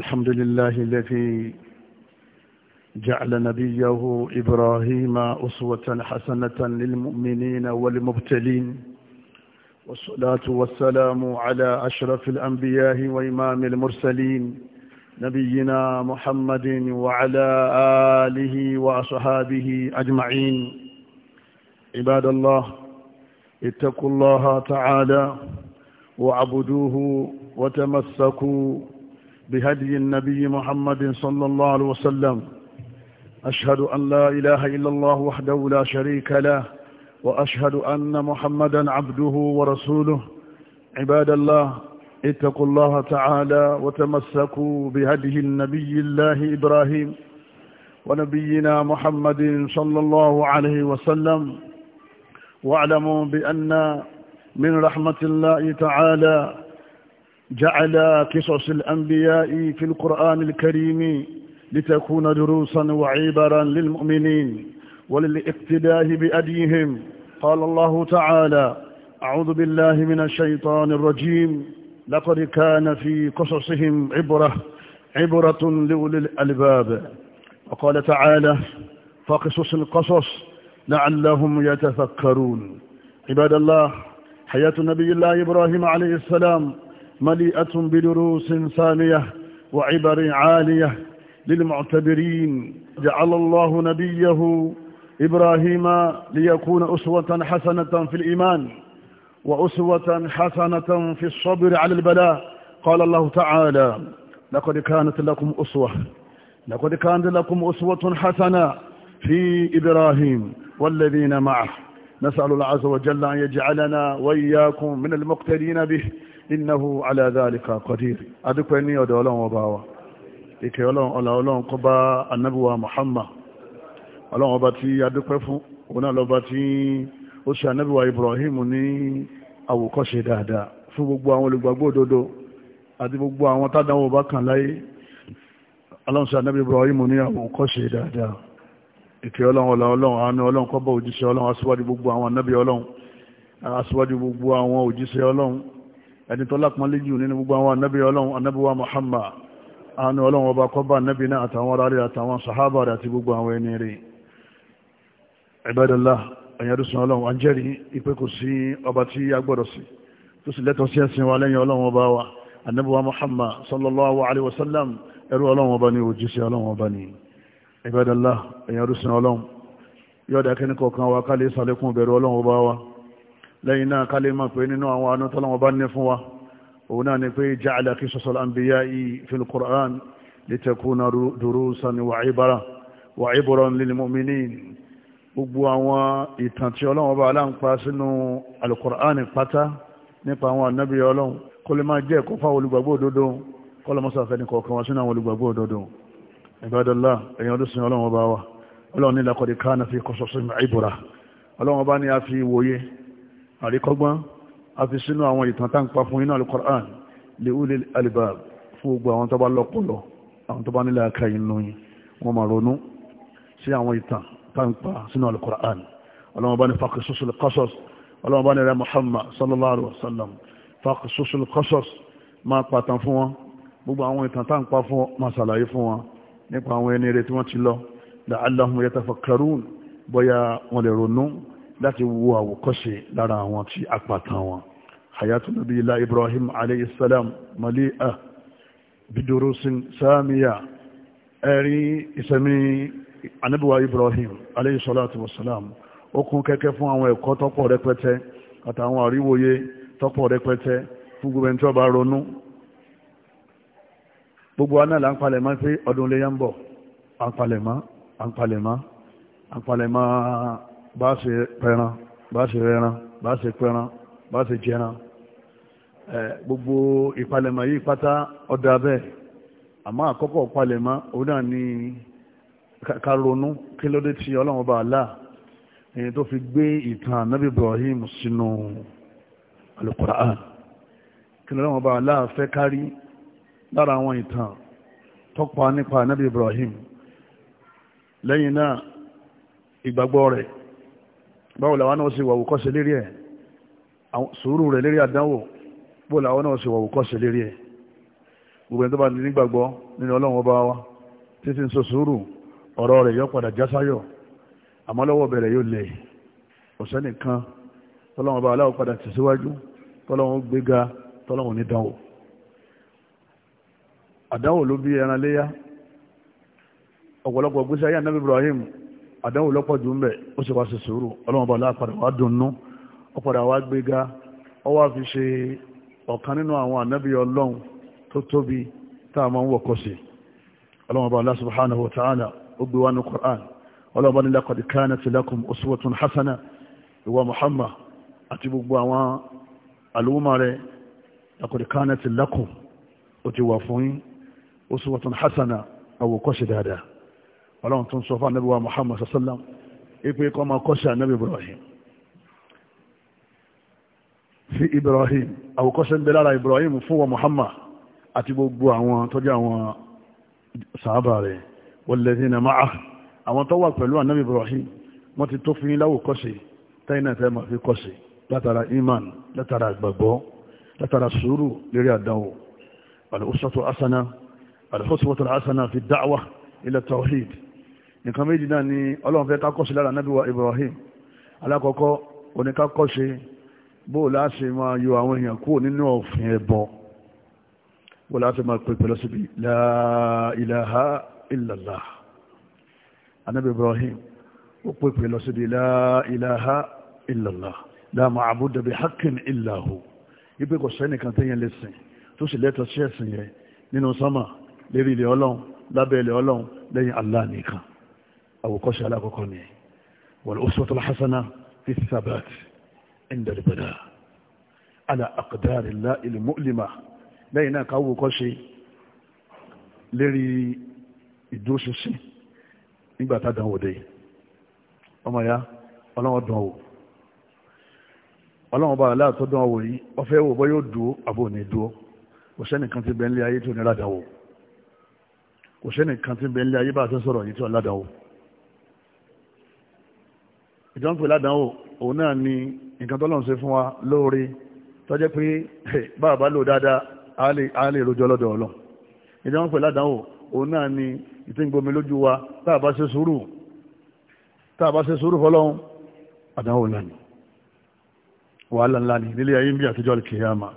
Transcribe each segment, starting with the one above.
الحمد لله الذي جعل نبيه إبراهيم أسوة حسنة للمؤمنين والمبتلين والصلاة والسلام على أشرف الأنبياء وإمام المرسلين نبينا محمد وعلى آله وأصحابه أجمعين عباد الله اتقوا الله تعالى وعبدوه وتمسكوا بهدي النبي محمد صلى الله عليه وسلم أشهد أن لا إله إلا الله وحده لا شريك له وأشهد أن محمدا عبده ورسوله عباد الله اتقوا الله تعالى وتمسكوا بهدي النبي الله إبراهيم ونبينا محمد صلى الله عليه وسلم واعلموا بأن من رحمة الله تعالى جعل قصص الأنبياء في القرآن الكريم لتكون دروسا وعبرا للمؤمنين وللاقتداء بأديهم قال الله تعالى أعوذ بالله من الشيطان الرجيم لقد كان في قصصهم عبرة عبرة لأولي الألباب وقال تعالى فقصص القصص لعلهم يتفكرون عباد الله حياة نبي الله إبراهيم عليه السلام مليئة بدروس ثانية وعبر عالية للمعتبرين جعل الله نبيه إبراهيم ليكون أسوة حسنة في الإيمان وأسوة حسنة في الصبر على البلاء قال الله تعالى لقد كانت لكم أسوة لقد كانت لكم أسوة حسنة في إبراهيم والذين معه نسأل الله عز وجل أن يجعلنا وإياكم من المقتدين به إنه على ذلك قدير أدكوا أني أدعو لهم وباوا إكي أولهم قبا النبوة محمد ọlọ́run ọba tí adúpẹ́ fún òun náà lọ́ba tí ó ṣe ànábìwá Ibrahim ní àwòkọ́ṣe dáadáa fún gbogbo àwọn olùgbàgbọ́ òdodo àti gbogbo àwọn tádàwọ̀ bá kàn láyé ọlọ́run ṣe ànábì Ibrahim ní àwòkọ́ṣe dáadáa ìkẹ́ ọlọ́run ọlọ́run ọlọ́run àánú ọlọ́run kó bá òjíṣẹ́ ọlọ́run aṣíwájú gbogbo àwọn anábì ọlọ́run aṣíwájú gbogbo àwọn òjíṣẹ́ ọlọ́run ẹni tó lápọ́nlé jù nínú gbogbo àwọn anábì ọlọ́run anábì wa Muhammad àánú ọlọ́run ọba kó bá anábì náà àtàwọn ará rẹ̀ àtàwọn sàhábà rẹ̀ àti gbogbo àwọn ẹni rẹ̀ Ibadallah ẹ̀yẹ́dùsùn ọlọ́run àjẹ́rìí ìpé kò sí ọba tí a gbọ́dọ̀ sí tó sì lẹ́tọ̀ọ́ sí ẹ̀sìn wa lẹ́yìn ọlọ́run ọba wa anábì wa Muhammad sallallahu alaihi wasallam ẹrú ọlọ́run ọba ni òjíṣẹ́ ọlọ́run ọba ni ìbádàlá èyàn rúsìn ọlọ́run yọ́dá kí ní kọ̀ọ̀kan wa kálẹ̀ ìsàlẹ̀kùn bẹ̀rù ọlọ́run ọba wa lẹ́yìn náà kálẹ̀ máa pé nínú àwọn anú tọ́lọ́run ọba ní fún wa òun náà ni pé ja'ala qisasal anbiya'i fil Qur'an litakuna durusan wa ibara wa ibran lil mu'minin gbogbo àwọn ìtàn tí ọlọ́run ọba aláǹpa sínú al-Qur'an pátá nípa ọlọ́run kó lè ìbádọ́lá ẹ̀yìn ọdún sin ọlọ́run ọba wa ọlọ́run ní lakọ̀dí káàna fi kọsọ̀sọ̀ ìbòrà ọlọ́run ọba ni a fi wòye àríkọ́gbọ́n a fi sínú àwọn ìtàn tá ń pa fún inú alukoran lè ulil albab fún gbogbo àwọn tó bá lọ́pọ̀lọ́ àwọn tó bá nílẹ̀ nípa àwọn ẹni rẹ̀ tí wọ́n ti lọ la'allahum yatafakkarun bóyá wọ́n lè ronú láti wo àwòkọ́ṣe lára àwọn tí apàtàn wọn hayatu nabi ilá ibrahim aleyhisselam mali'a bidurusin samiya ẹ̀rí ìsẹ̀mí anábíwá ibrahim aleyhisselatu wasalam ó kún kẹ́kẹ́ fún àwọn ẹ̀kọ́ tọ́pọ̀ rẹpẹtẹ àtàwọn àríwòye tọ́pọ̀ rẹpẹtẹ fún gbogbo ẹni tí ó bá ronú gbogbo aná là ń palẹ̀ mọ́ pé ọdún lè yá ń bọ̀ à ń palẹ̀ mọ́ à ń palẹ̀ mọ́ à ń palẹ̀ mọ́ bá ṣe pẹran bá ṣe rẹran bá ṣe pẹran bá ṣe jẹran gbogbo ìpalẹ̀mọ́ yìí pátá ọdọ abẹ́ àmọ́ àkọ́kọ́ palẹ̀mọ́ òun náà ni ká ronú kí ló dé tí ọlọ́run ọba àlá èyí tó fi gbé ìtàn ànábì Ibrahim sínú Al-Qur'an kí lọ́run ọba àlá fẹ́ kárí lára àwọn ìtàn tọpa nípa nabi ibrahim lẹ́yìn náà ìgbàgbọ́ rẹ̀ báwo làwọn náà ṣe wà wùkọ́ṣe lérí ẹ̀ sùúrù rẹ̀ lérí àdánwò bó làwọn náà ṣe wà wùkọ́ṣe lérí ẹ̀ gbogbo ẹni tó bá nígbàgbọ́ nínú ọlọ́run ọba wa títí ń sùúrù ọ̀rọ̀ rẹ̀ padà jásáyọ̀ àmọ́ lọ́wọ́ bẹ̀rẹ̀ yóò lẹ̀ ọ̀sẹ́ nìkan tọ́lọ́run ọba aláwọ̀ padà tẹ̀síwájú tọ́lọ́run gbéga àdánwò ló bí ẹran léyá ọ̀pọ̀lọpọ̀ gbèsè ayé anabi Ibrahim àdánwò lọ́pọ̀ jù ń bẹ̀ ó sì wá sí sùúrù ọlọ́mọba aláàpàdé wàá dunnú ọ̀pọ̀dà wàá gbéga ọwọ́ àfi ṣe ọ̀kan nínú àwọn anabi ọlọ́run tó tóbi tá a máa ń wọ̀kọ̀ sí ọlọ́mọba Allah subhanahu wa ta'ala ó gbé wá ní Qur'an ọlọ́mọba ní laqad kanat lakum uswatun hasana ìwà Muhammad àti gbogbo àwọn àlùmọ́ rẹ̀ laqad kanat lakum ó ti wà fún yín uswatun hasana àwòkọ́ṣe dáadáa ọlọ́run tó ń sọ fún anábíwá muhammad sallam ipe kọ́ máa kọ́ṣe anábí ibrahim fi ibrahim àwòkọ́ṣe ń bẹ lára ibrahim fún wa muhammad àti gbogbo àwọn tó jẹ́ àwọn sàábà rẹ̀ walladhina ma'ah àwọn tó wà pẹ̀lú anábí ibrahim wọ́n ti tó fi yín láwòkọ́ṣe tẹ́yìn àfẹ́ máa fi kọ́ṣe látara iman látara àgbàgbọ́ látara sùúrù lérí àdánwò wal uswatu hasana alhuswatul hasana fi da'wa ila tawhid nìkan méjì náà ni ọlọ́run fẹ́ kákọ́ṣe lára nábì wa ibrahim alákọ̀ọ́kọ́ oníkákọ́ṣe bó láṣe máa yọ àwọn èèyàn kúrò nínú ọ̀fìn ẹbọ bó láṣe máa pè pẹ̀lú síbi la ilaha illallah anábì ibrahim ó pè pẹ̀lú síbi la ilaha illallah la ma'buda bi haqqin illa hu ibi kò sẹ́nìkan tẹ́yẹn lè sìn tó sì lẹ́tọ̀ọ́ sí ẹ̀sìn yẹn nínú sámà lérí ilẹ̀ ọlọ́run lábẹ́ ilẹ̀ ọlọ́run lẹ́yìn Allah nìkan àwòkọ́ṣe alákọ̀ọ́kọ́ ni wal uswatul hasana fi thabat inda al-bala ala aqdari Allah al-mu'lima lẹ́yìn náà káwòkọ́ṣe lérí ìdúróṣinṣin nígbà tá dánwò dé ọmọ ya ọlọ́wọ́ dánwò ọlọ́wọ́ bá aláàtọ́ dánwò yìí ọfẹ́ wò bọ́ yóò dúó àbò ní dúó òṣẹ́nìkan ti bẹ́ńlẹ̀ ayé tó nira dánwò kò sẹ́ni kan tí ń bẹ nílé ayé bá a ṣe sọ̀rọ̀ yìí tí wọ́n ládàá o ìjọba pè ládàá o òun náà ni nǹkan tó lọ́n ṣe fún wa lóore tọ́jẹ́ pé bàbá lò dáadáa a lè rojọ́ lọ́dọ̀ ọlọ́ ìjọba pè ládàá o òun náà ni ìtìǹgbomi lójú wa tá a bá ṣe sùúrù tá a bá ṣe sùúrù fọlọ́hún àdáwò náà wàhálà ńlá ni nílé ayé ń bí àtijọ́ alkiyama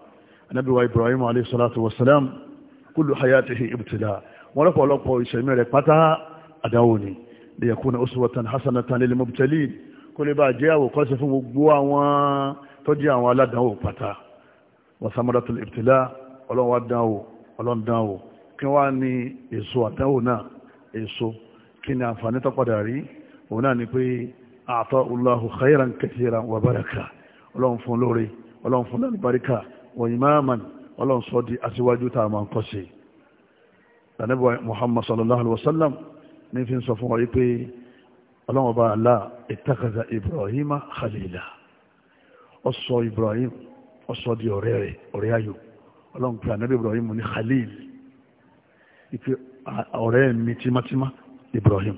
anabiwa ibrahim alayhi salatu wasalam kullu hayatihi ibtila wọn lọ́pọ̀lọpọ̀ ìṣẹ̀mí rẹ̀ pátá àdáwò ni lè yẹ kún ní uswatan hasanatan lil mubtalin kó lè bá jẹ́ àwòkọ́ṣe fún gbogbo àwọn tó jẹ́ àwọn aládánwò pátá wa samaratul ibtila ọlọ́run wá dánwò ọlọ́run dánwò kí wá ní èso àdánwò náà èso kí ni àǹfààní tó padà rí òun náà ni wa baraka ọlọ́run fún lóore ọlọ́run fún lálùbáríkà wa imaman ọlọ́run sọ di aṣíwájú lànàbí muhammad sallallahu alaihi wa sallam ní fi ń sọ fún wa yìí pé ọlọ́wọ́n bá alá ìtàkàzà ibrahim khalila ó sọ ibrahim ó sọ di ọ̀rẹ́ rẹ̀ ọ̀rẹ́ ayò ọlọ́wọ́n pé ànàbí ibrahim ní khalil ìpè ọ̀rẹ́ mi tímátímá ibrahim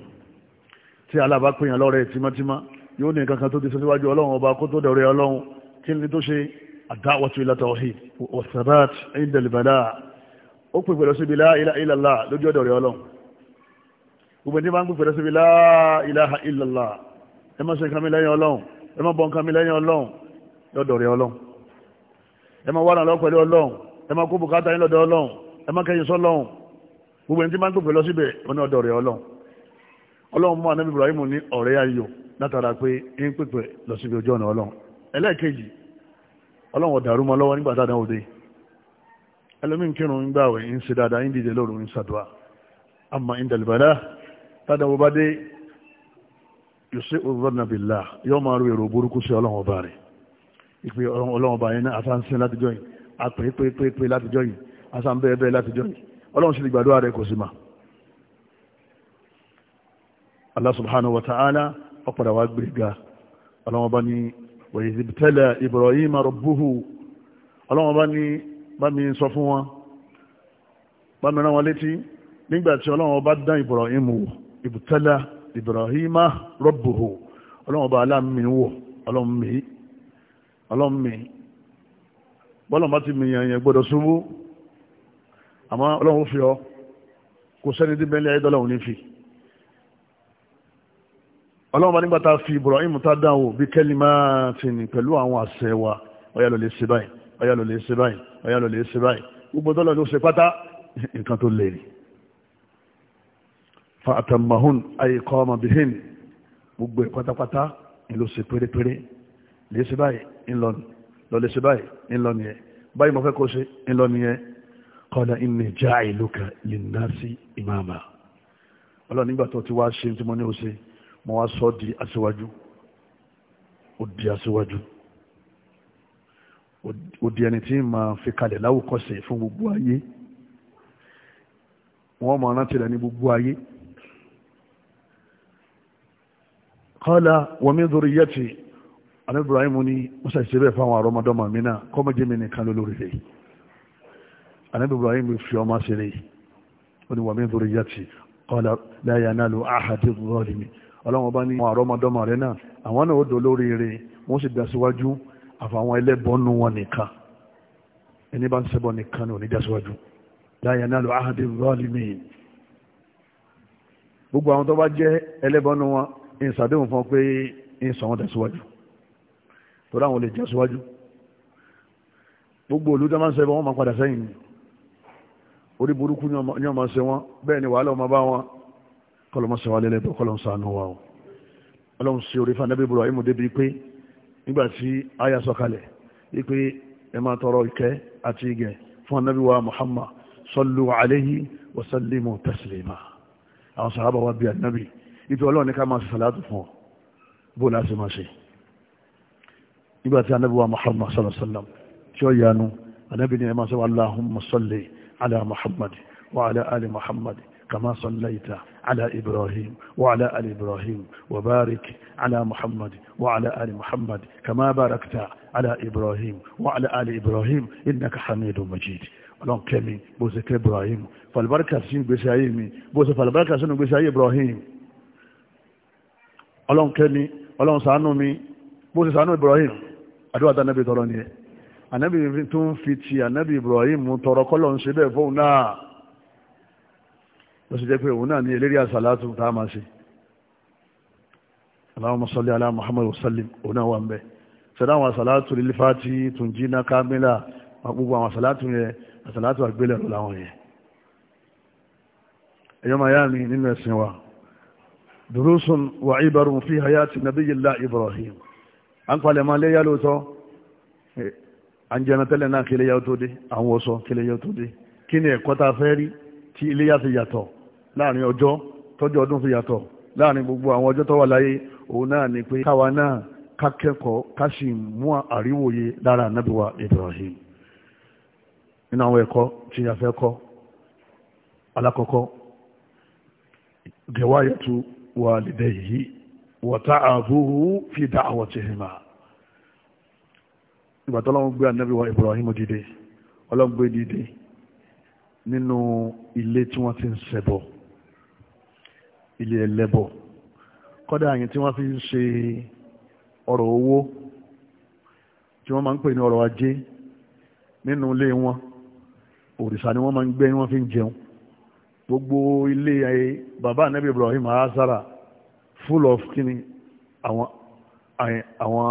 tí alábá pèèyàn lọ́rẹ̀ tímátímá yóò ní nǹkan kan tó ti síwájú ọlọ́run ọba kó tó dọ̀rẹ́ ọlọ́run kí ni tó ṣe àdáwọ̀tò ìlàtọ̀ ọ̀hìn wọ̀sàbáàtì ẹ̀yìn dẹ̀lìbàdà ó pèpè lọ síbi la ilaha illallah lójú ọ̀dọ̀ rẹ̀ ọlọ́run gbogbo ẹni máa ń pèpè lọ síbi la ilaha illallah ẹ má ṣe nǹkan mi lẹ́yìn ọlọ́run ẹ má bọ nǹkan mi lẹ́yìn ọlọ́run lọ́dọ̀ rẹ̀ ọlọ́run ẹ má wà lọ pẹ̀lú ọlọ́run ẹ má kó bùkátà yín lọ́dọ̀ ọlọ́run ẹ má kẹyìn sọ́lọ́run gbogbo ẹni tí máa ń pèpè lọ síbẹ̀ ọ̀nà ọ̀dọ̀ rẹ̀ ọlọ́run ọlọ́run mú anábì Ibrahim ní ọ̀rẹ́ ayò látara pé ń pèpè lọ síbi ojú ọ̀nà ọlọ́run ẹlẹ́ẹ̀kejì ọlọ́run ọ̀dàrú lọ́wọ́ nígbà tá ẹlòmí ń kírun ń gbàwẹ̀ ń ṣe dáadáa ń dìde lóru ń ṣàdúrà àmọ́ ń dàlùbàdà tádàwọ̀ bá dé yòsí òrùbọ̀nàbìlà yóò máa ro èrò burúkú sí ọlọ́run ọba rẹ̀ ìpè ọlọ́run ọba yẹn náà àtàǹsìn látijọ́ yìí àpè pépépé látijọ́ yìí àsàǹbẹ́ẹ́bẹ́ látijọ́ yìí ọlọ́run sì lè gbàdúrà rẹ̀ kò sí mà. Allah subhanahu wa ta'ala ọ̀pọ̀dà wa gbé ga ọlọ́run ọba ní wàyí ibtala Ibrahim rabbuhu ọlọ́run ọba ní bá mi sọ fún wọn bá mi rán wọn létí nígbà tí ọlọ́run ọba dán Ibrahim wò ibùtálá Ibrahima rọ́bùhù ọlọ́run ọba aláàmì wò ọlọ́run mi ọlọ́run mi bọ́lọ̀ bá ti mìyàn yẹn gbọ́dọ̀ ṣubú àmọ́ ọlọ́run fi ọ kò sẹ́ni tí bẹ́ẹ̀lì ayédọ́lọ́run ní fi ọlọ́run bá nígbà tá a fi Ibrahim tá a dán wò bí kẹ́lí máa ti ní pẹ̀lú àwọn àṣẹ wa ọ̀yà ló lè ṣe báyìí ọ̀yà ló lè ṣe báyìí ọ̀yá lọ lè ṣe báyìí gbogbo tọ́lọ̀ ló ṣe pátá nǹkan tó lè rí fa àtàmàhún ayé kọ́ ọmọ bihin gbogbo ẹ̀ pátápátá ń lọ ṣe pérépéré lè ṣe báyìí ń lọ ní lọ lè ṣe báyìí ń lọ nìyẹn báyìí mo fẹ́ kó ṣe ń lọ nìyẹn kọ́lá inni ja'iluka linnasi imama ọlọ́run nígbà tó ti wá ṣe tí mo ní ó ṣe mo wá sọ di aṣíwájú ó di aṣíwájú òdi ẹni tí máa fi kalẹ̀ láwùkọ́sẹ̀ fún gbogbo ayé wọ́n máa rántí rẹ̀ ní gbogbo ayé kọ́lá wọ́n mi dúró yẹ́ ti alẹ́ Ibrahim ní musa ìṣẹ́bẹ̀ fáwọn àrọ́mọdọ́mọ mi náà kọ́mọ́jẹ́mi nìkan lólórí rẹ̀ anabi ibrahim fi ọmọ sílẹ̀ ó ní wà mí nítorí yàtì qala la yanalu ahadi zalimi ọlọ́wọ́n bá ní àwọn àrọ́mọdọ́mọ rẹ̀ náà àwọn náà ó dò lórí rẹ̀ wọ́n sì gbà síwájú àfàwọn ẹlẹ́bọnú wọn nìkan ẹni bá ń ṣẹbọ nìkan ní onídàsíwájú láyé náà lọ áhàdé rọ́ọ̀lìmí gbogbo àwọn tó bá jẹ́ ẹlẹ́bọnú wọn ìsàdéhùn fún pé ìsàn wọn tẹ̀síwájú tó dáwọn lè jẹ́ síwájú gbogbo olú tó máa ń ṣẹbọ wọn máa padà sẹ́yìn ni orí burúkú ní ọmọ ṣe wọn bẹ́ẹ̀ ni wàhálà ọmọ bá wọn kọlọmọ ṣe wà lẹ́lẹ́bọ̀ kọlọmọ ṣàánú wa o nígbàtí aya sọ̀kalẹ̀ wípé ẹ máa tọrọ ìkẹ́ àti ìgẹ̀ fún anábì wa muhammad sallu alayhi wa sallimu taslima àwọn sàhábà wa bí anábì ìtò ọlọ́run ní ká máa sàlátù fún bó láti máa ṣe nígbàtí anábì wa muhammad sallallahu alaihi wasallam tí ó yanu anábì ní ẹ máa sọ allahumma salli muhammad wa ala ali muhammad كما صليت على إبراهيم وعلى آل إبراهيم وبارك على محمد وعلى آل محمد كما باركت على إبراهيم وعلى آل إبراهيم إنك حميد مجيد ọlọ́n kẹ́mi bó ṣe kẹ́ Ibrahim falibarika sínú gbèsè ayé mi bó ṣe falibarika sínú gbèsè ayé Ibrahim ọlọ́n kẹ́mi ọlọ́n ṣàánú mi bó ṣe ṣàánú Ibrahim àdúrà tá anábì tọrọ ni ẹ anábì tó ń fi ti anábì Ibrahim tọrọ kọ́lọ́ ń ṣe bẹ́ẹ̀ fóun náà ló sì jẹ́ pé òun náà ní eléré àsàlátù tá a máa ṣe Allahumma salli ala Muhammad wa sallim òun náà wà ń bẹ sọdá àwọn àsàlátù lílífàtì tunjina kamila gbogbo àwọn àsàlátù yẹn àsàlátù àgbélẹ̀rọ làwọn yẹn ẹ̀yọ́ máa yá mi nínú ẹ̀sìn wa durusun wa ibarun fi hayati nabiyillah Ibrahim an kwalẹ̀ máa léyà lóòótọ́ an jẹna tẹ́lẹ̀ náà kí léyà tó dé àwọn wọ́sọ kí léyà tó dé kí ni ẹ̀kọ́ ta fẹ́ rí tí iléyà ti yàtọ̀ láàrin ọjọ́ tọ́jú ọdún fi yàtọ̀ láàrin gbogbo àwọn ọjọ́ tó láyé òun náà ni pé káwa náà ká kẹ́kọ̀ọ́ ká sì mú àríwòye lára ànábì wa Ibrahim nínú àwọn ẹ̀kọ́ tí a fẹ́ kọ́ alákọ̀ọ́kọ́ gẹ̀wáyẹ̀tú walidayhi wa ta'abuhu fi da'watihima ìgbà tó lọ́wọ́ gbé ànábì wa Ibrahim dìde ọlọ́gbé dìde nínú ilé tí wọ́n ti ń ṣẹbọ ilé ẹlẹ́bọ̀ kọ́dà àyìn tí wọ́n fi ń ṣe ọ̀rọ̀ owó tí wọ́n máa ń pè ní ọ̀rọ̀ ajé nínú ilé wọn òrìṣà ni wọ́n máa ń gbé wọ́n fi ń jẹun gbogbo ilé ayé bàbá anabi Ibrahim azara full of kini àwọn àwọn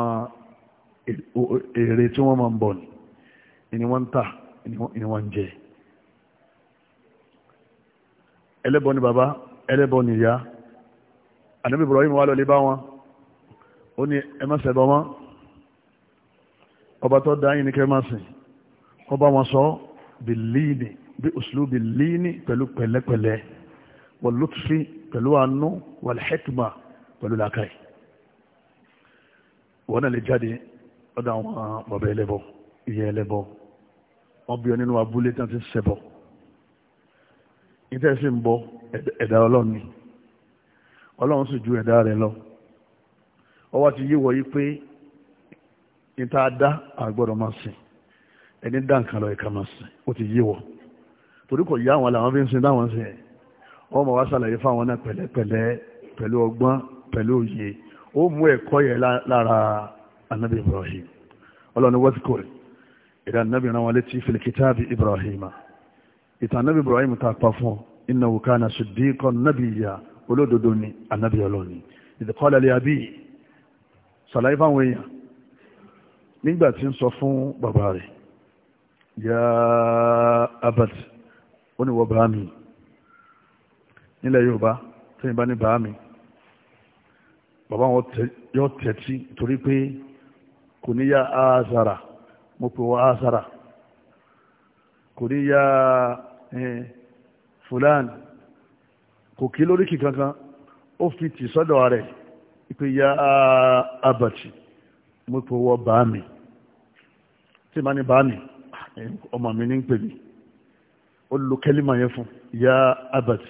èrè tí wọ́n máa ń bọ̀ ni ni wọ́n ń tà ni wọ́n ń jẹ ẹlẹ́bọ ni bàbá ẹlẹ́bọ nìyá ànábì Ibrahim wà lọlé bá wọn ó ní ẹ má ṣẹbọ mọ́ ọba tó dá ní kẹ́ máa sìn ọba wọn sọ bìlíìnì bí òṣèlú bìlíìnì pẹ̀lú pẹ̀lẹ́pẹ̀lẹ́ wal lutfi pẹ̀lú àánú wal hikma pẹ̀lú làákàyè wọn náà lè jáde ọ̀dọ̀ àwọn bàbá ẹlẹ́bọ ìyá ẹlẹ́bọ wọn bí ọ nínú abúlé tí wọn ti ń ìtẹ́sí ń bọ́ ẹ̀dá ọlọ́run ni ọlọ́run sì ju ẹ̀dá rẹ̀ lọ ọwọ́ ti yíwọ yí pé níta dá àgbọ́dọ̀ máa sìn ẹni dá nǹkan lọ ẹ̀ka máa sìn ó ti yíwọ torí kò yá àwọn làwọn fi ń sin dáwọn sìn ẹ̀ ọmọ wa ṣàlàyé fáwọn náà pẹ̀lẹ́pẹ̀lẹ́ pẹ̀lú ọgbọ́n pẹ̀lú òye ó mú ẹ̀kọ́ yẹn lára anabi Ibrahim ọlọ́run wọ́síkòrè ìdá anabi rán wọn létí fìlìkítàbí Ibrahim ìtàn anabi Ibrahim ta pa fún ọ innahu kana siddiqan nabiyya olódodo ni ànábì ọlọ́ni idh qala li abi sàlàyé fáwọn èèyàn nígbà tí ń sọ fún bàbá rẹ̀ ya abat ó ní wọ́n bá mi nílẹ̀ yorùbá tẹ́yìn bá ní bá mi bàbá wọn yọ tẹ̀tí torí pé kò ní ya azara mo pè wọ́n azara kò ní ya. Eh, fulan kò kí lóríkì kankan ó fi tì sọ́dọ̀ rẹ̀ ìpè ya abàtì mo pè wọ bàámi tí ma ní bàámi ọmọ mi ní ń ó lo kẹ́límà yẹn fún ya abàtì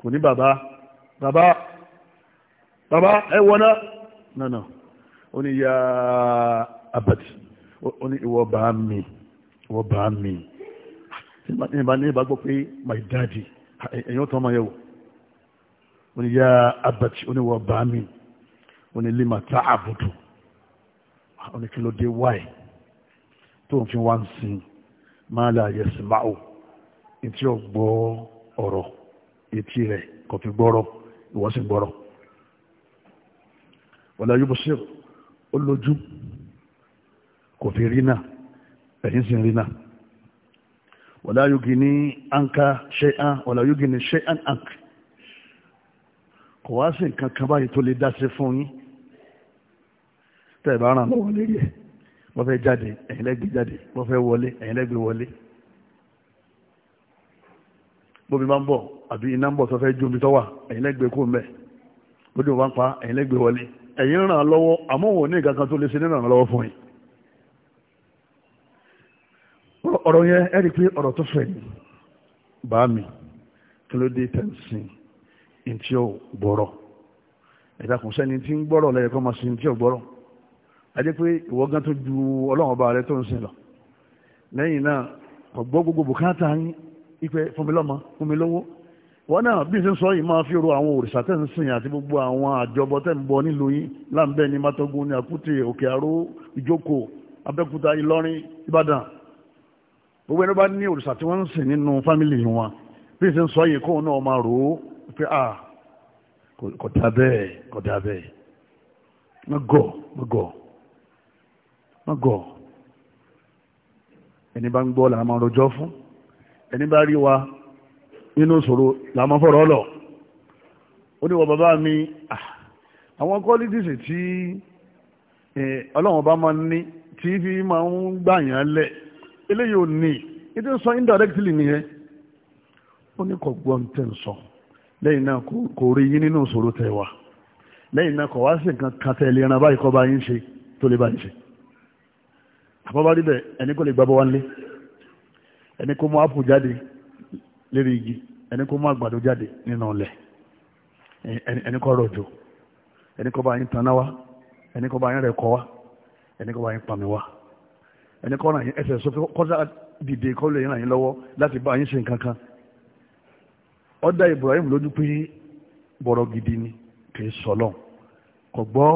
kò ní bàbá bàbá bàbá ẹ wọná nànà ó ní ya abàtì ó ní ìwọ bàámi ìwọ bàámi nígbà ní ìbá gbọ́ pé my daddy ẹ̀yìn ọ̀tọ̀ máa yẹ wò ó ní yá abati ó ní wọ́n bá mi ó ní lima tá àbùdù ó ní kí ló dé wáì tó ń fi wá ń sin máa la yẹsùn máa ò etí ò gbọ́ ọ̀rọ̀ etí rẹ̀ kò fi gbọ́rọ̀ ìwọ sì gbọ́rọ̀ wala yubsir ó lójú kò fi rí náà ẹ̀yìn sì rí náà. wala yugini anka anka kò wá ni Shea kan báyìí tó lè dá sí fún yín tẹ́ ẹ bá ràn lọ́wọ́ lérí ẹ̀ wọ́n fẹ́ jáde ẹ̀yin ń bọ̀ àbí iná ń bọ̀ tó ju omi tó kó mẹ́ ń pa ẹ̀yin lẹ́gbẹ́ wọlé ẹ̀yin ràn lọ́wọ́ àmọ́ wọn ní kan tó lè ṣe nínú ràn lọ́wọ́ ọ̀rọ̀ yẹn ẹ rí i pé ọ̀rọ̀ tó fẹ̀ yìí bá mi kí ló dé tẹ̀ sí i tí ó gbọ́rọ̀ ẹ̀dá kò sẹ́ni tí ń gbọ́rọ̀ lẹ́yìn kọ́ máa sin tí ó gbọ́rọ̀ ajẹ́ pé ìwọ gan tó ju ọlọ́run gbogbo bùkátà yín ipe fún mi lọ́mọ fún bí yìí máa àwọn òrìṣà tẹ̀ ń àti gbogbo àwọn àjọbọ tẹ̀ ń bọ nílùú yín láǹbẹ̀ ní ní àkútì òkè àró ìjókòó gbogbo ẹni bá ní òrìṣà tí wọ́n ń sìn nínú fámìlì wọn bí ìsìn sọ yìí kóun náà máa rò ó pé à kò dá bẹ́ẹ̀ kò dá bẹ́ẹ̀ má gọ̀ má gọ̀ má gọ̀ ẹni bá ń gbọ́ là máa rojọ́ fún ẹni bá rí wa nínú ìṣòro là máa fọ̀rọ̀ lọ ó ní wọ bàbá mi àwọn kọ́lídìsì tí eh, ọlọ́run bá máa ní tí fi máa ń gbàyàn lẹ̀ eléyìí ò ní ní tí ń sọ indirectly nìyẹn ó ní kò gbọ́n tẹ̀ ń sọ lẹ́yìn náà kò rí yín nínú ìṣòro tẹ̀ wá lẹ́yìn náà kò wá sí nǹkan kan tẹ̀ lè ran báyìí kọ́ bá yín ṣe tó lè bá yín ṣe àbábá rí bẹ́ẹ̀ ẹni kò lè gbàbọ́ wá nílé ẹni kò mú ápù jáde lérí igi ẹni kò mú àgbàdo jáde nínú ọlẹ̀ ẹni kò rọ̀jò ẹni kò bá yín taná wá ẹni kò bá yín rẹ̀ kọ́ wá ẹni kò bá yín pàmì wá ẹni kọ́ ràn yín ẹsẹ̀ sọ fún kọ́sá dìde kọ́ lè ràn yín lọ́wọ́ láti bá yín ṣe nǹkan kan ọ̀dà Ibrahim lójú pé bọ̀rọ̀ gidi ni kì í sọ lọ́n kò gbọ́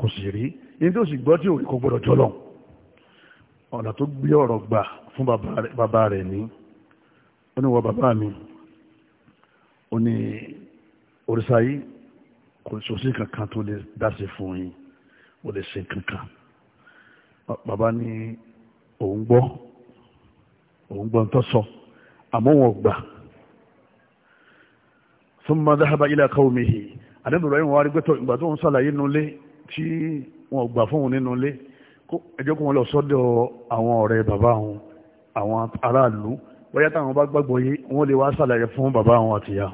kò sì rí yín tó sì gbọ́ tí ò kò gbọ́dọ̀ jọ ọ̀nà tó gbé ọ̀rọ̀ gbà fún bàbá rẹ̀ ní ó ní wọ bàbá mi ó ní òrìṣà yìí kò sòsí kankan tó lè dá sí fún yín ó lè ṣe kankan bàbá ní òun gbọ́ òun gbọ́ tó sọ àmọ́ wọn gbà thumma dhahaba ila qawmihi àdébùrọ̀ yìí wọ́n wá rí gbẹ́tọ̀ ìgbà tó ń sàlàyé nulẹ̀ tí wọn gbà fún òun nínú ilé ẹjọ́ kó wọn lọ sọ́dọ̀ àwọn ọ̀rẹ́ bàbá wọn àwọn aráàlú wáyé táwọn bá gbàgbọ́ yé wọn lè wá sàlàyé fún bàbá wọn àtìyá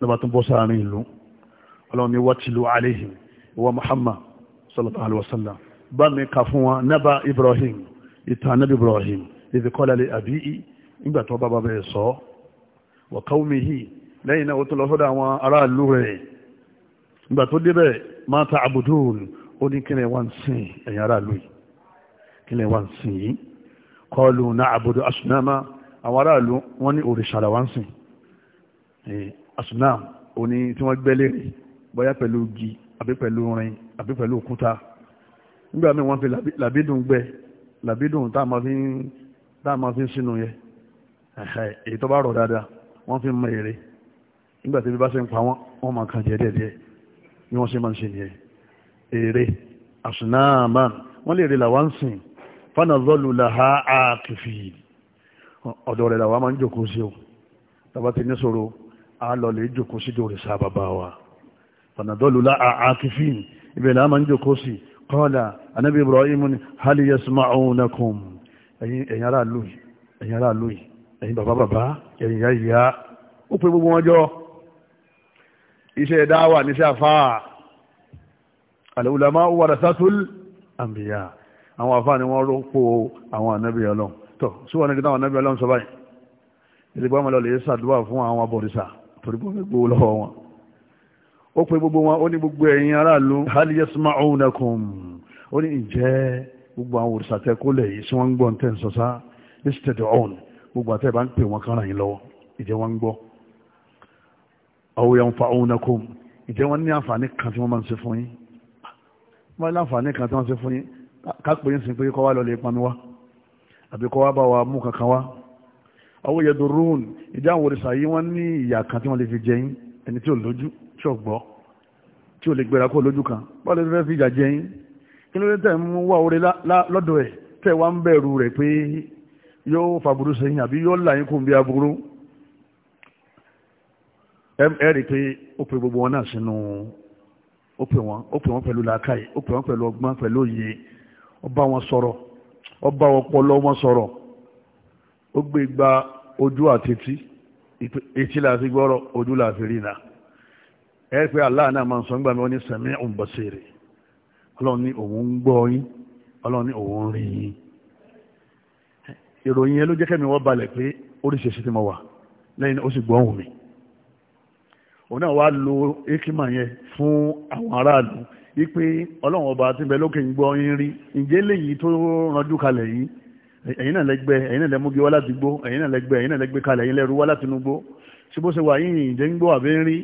lọ́ba tó bọ́ sáárín ìlú ọlọ́run ni watilu alayhim wa muhammad sallallahu alayhi wa sallam bá mi kà fún wọn naba ibrahim ìtàn anábì Ibrahim ìdí kọ́lá lè àbí nígbà tó bá bàbá rẹ̀ sọ wa qawmihi lẹ́yìn náà ó tó lọ sọ́dọ̀ àwọn aráàlú rẹ̀ nígbà tó débẹ̀ ma ta'budun ó ní kílẹ̀ wá ń sìn ẹ̀yìn aráàlú yìí kílẹ̀ wá ń sìn yìí qalu na'budu asnama àwọn aráàlú wọ́n ní asunam òní tí wọ́n gbẹ́lé rè bóyá pẹ̀lú igi àbí pẹ̀lú rin àbí pẹ̀lú òkúta làbídùn tá a máa fi ń sínú yẹ èyí tó bá rọ̀ dáadáa wọ́n fi ń mọ èrè nígbà tí bí bá ṣe ń pa wọ́n wọ́n máa kàn díẹ̀ díẹ̀ bí wọ́n ṣe máa ń ṣe nìyẹn èrè àṣùnáàmà wọ́n lè rí làwọn ń sìn fana zọ́lù làhá àkìfì ọ̀dọ̀ rẹ̀ làwọn máa ń jòkó sí o tàbá ti ní sọ̀rọ̀ a lè jòkó sí jòrè sábàbà wa fanadọ́lù láàkífín ibẹ̀ láàmà ń jòkó sí kọ́ọ̀lá anábì ibrahim ni hali yasma'unakum ẹ̀yin ará lóyìn ẹ̀yin ará lóyìn ẹ̀yin bàbá bàbá ẹ̀yin ìyá ìyá ó pè gbogbo wọn jọ iṣẹ́ dáwà níṣẹ́ àfáà alùlámà warasatul anbiya àwọn àfáà ni wọ́n rọ́pò àwọn anábì ọlọ́run tó síwọ́n ní kí táwọn anábì ọlọ́run sọ báyìí ó pe gbogbo wọn ó ní gbogbo ẹ̀yin aráàlú hal yasma'unakum ó ní ìjẹ́ gbogbo àwọn òrìṣàtẹ́ kó lẹ̀ yìí sí wọ́n ń gbọ́ tẹ́ ń sọ́sá istad'un gbogbo àtẹ́ bá ń pè wọ́n kára yín lọ́wọ́ ìjẹ́ wọ́n ń gbọ́ aw yanfa'unakum ìjẹ́ wọ́n ní àǹfààní kan tí wọ́n máa ń ṣe fún yín wọ́n ní àǹfààní kan tí wọ́n ṣe fún yín kápẹ́ yín sì pé kọ́ wá lọ lè panu wá àbí kọ́ wá bá wa mú kankan wá aw yadurrun tí ó gbọ́ tí ó lè gbéra kó lójú kan bọ́ọ̀lù tó fẹ́ fi ìjà jẹ yín kí ló dé tẹ̀ ń wá oore lọ́dọ̀ ẹ̀ tẹ̀ wá ń bẹ̀rù rẹ̀ pé yóò fàbùrú sẹ́yìn àbí yóò là yín kún bí aburú ẹ rí i pé ó pe gbogbo wọn náà sínú ó pè wọn ó pè wọn pẹ̀lú làákàyè ó pè wọn pẹ̀lú ọgbọ́n pẹ̀lú òye ó bá wọn sọ̀rọ̀ ó bá ọpọlọ wọn sọ̀rọ̀ ó gbé gba ojú àti etí etí làá fi gbọ́rọ̀ ojú làá fi rí náà ẹ pé Allah náà máa ń sọ nígbà mi wọ́n ní sami'un basir ọlọ́run ní òun ń gbọ́ yín ọlọ́run ní òun ń rí yín ìròyìn yẹn ló jẹ́ kẹ́mi wọ́n balẹ̀ pé oríṣiríṣi tí mo wà lẹ́yìn ó sì gbọ́hùn mi òun náà wá lo ekima yẹn fún àwọn aráàlú wípé ọlọ́run ọba ti bẹ lókè ń gbọ́ yín rí ǹjẹ́ léyìí tó ranjú kalẹ̀ yìí ẹ̀yin náà lẹ́gbẹ́ ẹ̀yin náà lẹ́múgi wá láti gbó ẹ̀yin náà lẹ́gbẹ́ ẹ̀yin náà lẹ́gbẹ́ kalẹ̀ ẹ̀yin lẹ́rú wá láti nugbó ṣé bó ṣe wà yín ǹjẹ́ ń gbọ́ àbí ń rí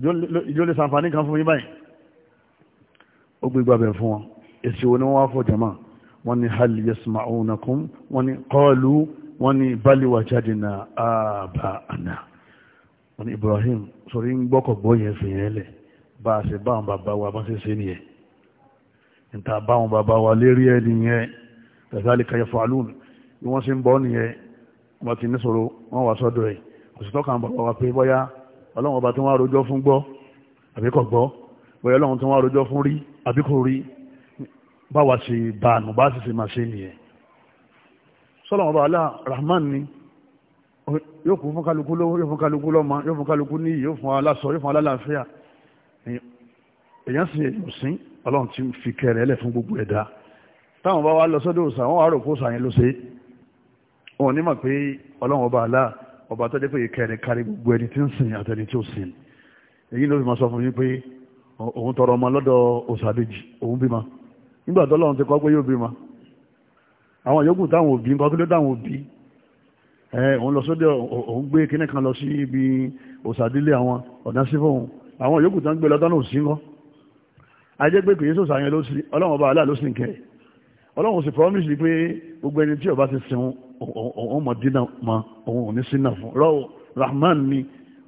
ìjọ lè sàǹfààní kan fún yín báyìí ó gbégbá bẹ̀ fún wọn èsì wo ni wọ́n wá fọ́ jama wọ́n ní hal yasma'unakum wọ́n ní qalu wọ́n ní bal wajadna aba'ana wọ́n ní Ibrahim sọ̀rọ̀ ń gbọ́kọ̀ gbọ́ yẹn fi yẹn lẹ̀ bá a ṣe bá àwọn bàbá wa bá ṣe ṣe nìyẹn níta bá àwọn bàbá wa lérí ẹ nìyẹn kadhalika yaf'alun bí wọ́n ṣe ń bọ́ nìyẹn wọ́n ti ní sọ̀rọ̀ wọ́n wà sọ́dọ̀ ẹ̀ kò sì tọ́ka àwọn bàbá wa ọlọ́run ọba tí wọ́n arojọ́ fún gbọ́ àbí kò gbọ́ bóyá ọlọ́run tí wọ́n arojọ́ fún rí àbí kò rí báwa ṣe bàánù bá sì ṣe máa ṣe nìyẹn sọ́lọ́run ọba aláà rahman ni yóò kún fún kálukú lówó yóò fún kálukú lọ́mọ yóò fún kálukú níyì yóò fún aláṣọ yóò fún alálàáfíà èèyàn sì èèyàn sí ọlọ́run ti fi kẹrẹ ẹlẹ̀ fún gbogbo ẹ̀dá táwọn bá wá lọ sọ́dọ̀ òsà wọn wá rò kó sàn yín ló ṣe wọn ò ní mọ̀ pé ọlọ́run ọba aláà ọba tó jẹ́ pé ìkẹrin kárí gbogbo ẹni tí ń sìn àtẹni tí ó sìn èyí ló fi máa sọ fún yín pé òun tọrọ ọmọ lọ́dọ̀ òsàbèjì òun bímọ nígbà tó lọ́run ti kọ́ pé yóò bímọ àwọn yòókù táwọn òbí nǹkan kílódé táwọn òbí òun lọ sódì òun gbé kíní kan lọ sí ibi òsàdílé àwọn ọ̀dá sí fóun àwọn yòókù tó ń gbé lọ́dọ̀ náà sí ńkọ́ ajé pé kìí sòsà yẹn ló sí ọlọ́run ọba aláà ló sì ń kẹ́ ọlọ́run sì promise pé gbogbo ẹni tí ọba ti sìn òun mọ̀ dínà mọ́ òun ò ní fún rọ́ọ̀ rahman ni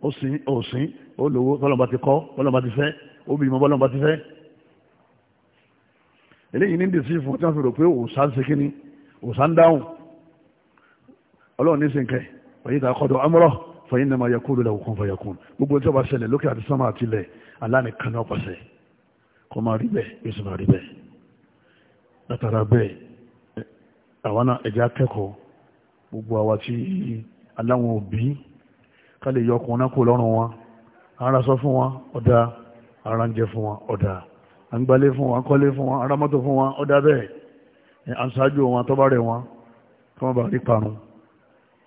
ó sìn ó sìn ó lówó bọ́lọ́mọba ti kọ́ bọ́lọ́mọba ti fẹ́ ó bímọ bọ́lọ́mọba ti fẹ́ eléyìí ní dìsí fún tí wọ́n fi rò pé òòsà ń ṣe kínní òòsà ń dáhùn ọlọ́run ní sìnkẹ́ òyìn tà kọ́dọ̀ amúrọ̀ fẹ̀yìn nàmà yakúrò lẹ́wọ̀ kún fẹ̀yàkún gbogbo tí wọ́n bá ṣẹlẹ̀ lókè àti àwọn ẹ̀jẹ̀ akẹ́kọ̀ọ́ gbogbo àwa tí aláwọn òbí ká lè yọ ọkùnrin kó lọ́rùn wọn ara sọ fún wọn ọ̀dà ara ń jẹ fún wọn ọ̀dà à ń gbalé fún wọn kọ́lé fún wọn ara mọ́tò fún wọn ọ̀dà bẹ́ẹ̀ à ń ṣáájú wọn tọ́ba rẹ̀ wọn kí wọ́n bá rí parun